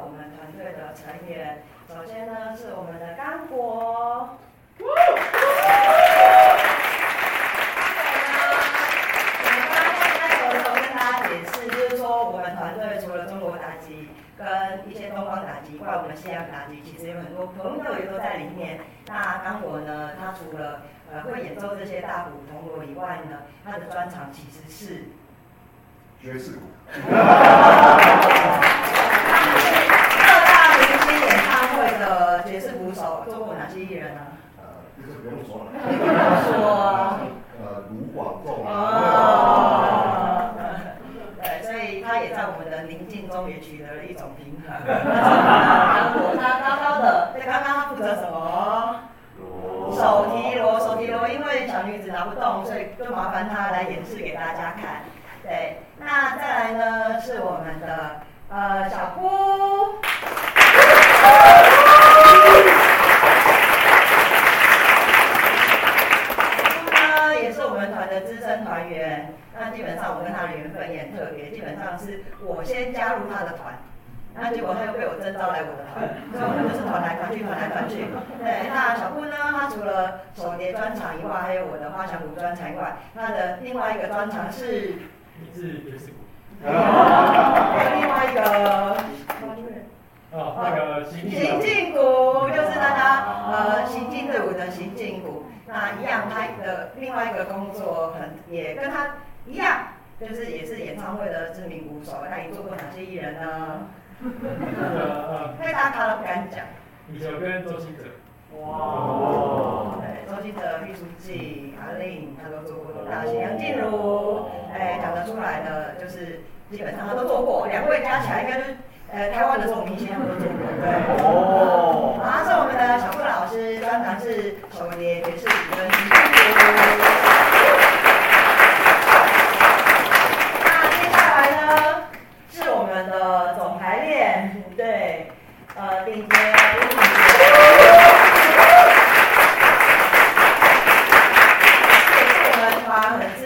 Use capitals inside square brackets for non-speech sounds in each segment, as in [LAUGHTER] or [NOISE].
我們團隊的成員，首先呢是我們的剛果。我哦！剛剛在開頭跟大家解釋，就是說我們團隊除了中國打擊跟一些東方打擊，包括我們西洋打擊，其實有很多朋友也都在裡面。那剛果呢，他除了呃會演奏這些大鼓銅鑼以外呢，他的專長其實是爵士鼓。取得了一種平衡。 [LAUGHS] [LAUGHS] 然後他高高的，對，剛剛他負責什麼？哦、手提鑼手提鑼，因為小女子拿不動，所以就麻煩他來演示給大家看。對，那再來呢是我們的呃小姑。那基本上我跟他的緣分也特別，基本上是我先加入他的團，嗯、那結果他又被我徵召來我的團，所以我們都是團來團去，團對來團去。對，對對，那小姑呢？他除了手碟專長以外，還有我的花饗鼓專長以外，他的另外一個專長是爵士鼓還有另外一個。 [LAUGHS] 啊，oh, oh, 那個行進行進鼓就是大家呃行進隊伍的行進鼓。那一樣他的另外一個工作，很，也跟他一樣，就是也是演唱會的知名鼓手。那你做過哪些藝人呢？太大咖了不敢講。你這邊周星馳，哇，oh. 對，周星馳、畢書盡、阿令，他都做過哪些？楊靜茹，哎，講得出來的就是基本上他都做過。兩、oh. 位加起來應該就。呃，台灣的這種明星以前很多節目，對，哦、好像是我們的小賀老師，當然是小蝴蝶也是。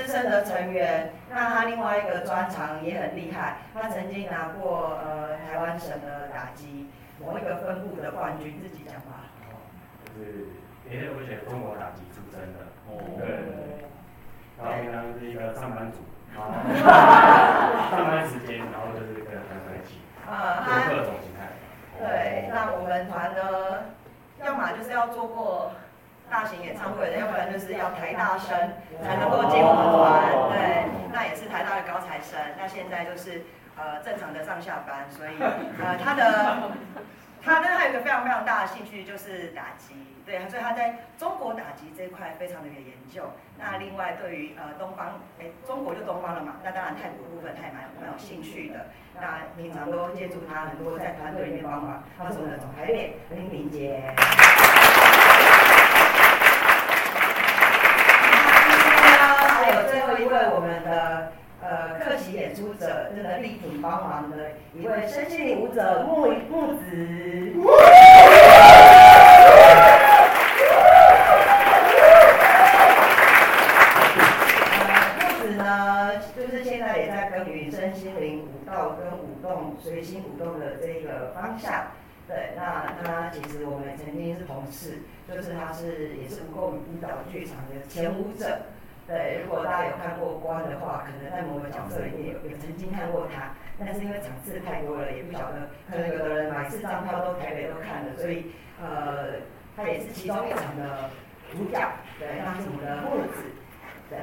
資深的成員，那他另外一個專長也很厲害，他曾經拿過呃台灣省的打擊某一個分部的冠軍，自己講吧，就是、嗯，也是我選中國打擊出身的。哦、嗯。對、嗯。他平常是一個上班族。 [LAUGHS] 上班時間，然後就是很帥氣，啊、嗯，有各種形態。對，嗯、那我們團呢，要麼就是要做過。大型演唱會的，要不然就是要台大生才能夠進我們團，對，那也是台大的高材生，那現在就是呃正常的上下班，所以呃他的，他呢，還有一個非常非常大的興趣就是打擊，對，所以他在中國打擊這一塊非常的有研究。那另外對於呃東方，哎中國就東方了嘛，那當然泰國部分他也蠻蠻有興趣的。那平常都借助他很多，在團隊裡面幫忙，他是我們的總排練林明杰。 [LAUGHS] 一位我們的呃客席演出者，真、就是、的力挺幫忙的一位身心靈舞者木木子。木、哦對嗯、子呢，就是現在也在耕耘身心靈舞蹈跟舞動隨心舞動的這個方向。對，那他其實我們曾經是同事，就是他是也是不共舞蹈劇場的前舞者。對，如果大家有看過《關》的話，可能在某個講座裡面有曾經看過他，但是因為場次太多了，也不曉得可能有的人買四張票都台北都看了，所以，呃，他也是其中一場的主角，對，當時的木子，對。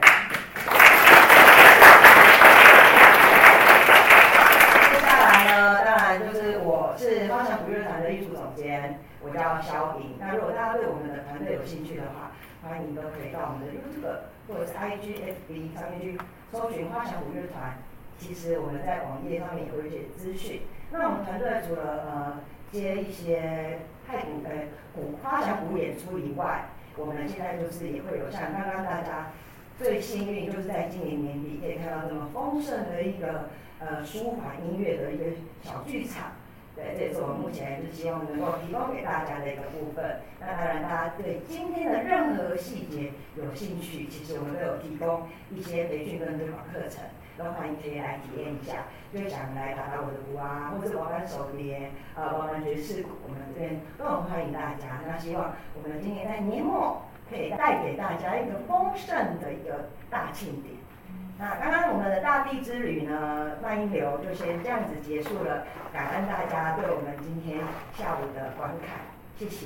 有興趣的話，歡迎都可以到我們的 YouTube 或者是 IGFB 上面去搜尋花饗鼓樂團。其實我們在網頁上面也會有一些資訊。那我們團隊除了呃接一些太鼓的鼓花饗鼓演出以外，我們現在就是也會有像剛剛大家最幸運，就是在今年年底可以看到這麼豐盛的一個呃舒緩音樂的一個小劇場。對，這是我們目前就是希望能夠提供給大家的一個部分。那當然，大家對今天的任何細節有興趣，其實我們都有提供一些培訓跟推廣課程，都歡迎可以來體驗一下。因為想來打打我的鼓啊，或者玩玩手碟啊，玩玩爵士鼓，我們這邊都很歡迎大家。那希望我們今年在年末可以帶給大家一個豐盛的一個大慶典。那剛剛我們的大地之旅呢，萬一流就先這樣子結束了，感恩大家對我們今天下午的觀看，謝謝。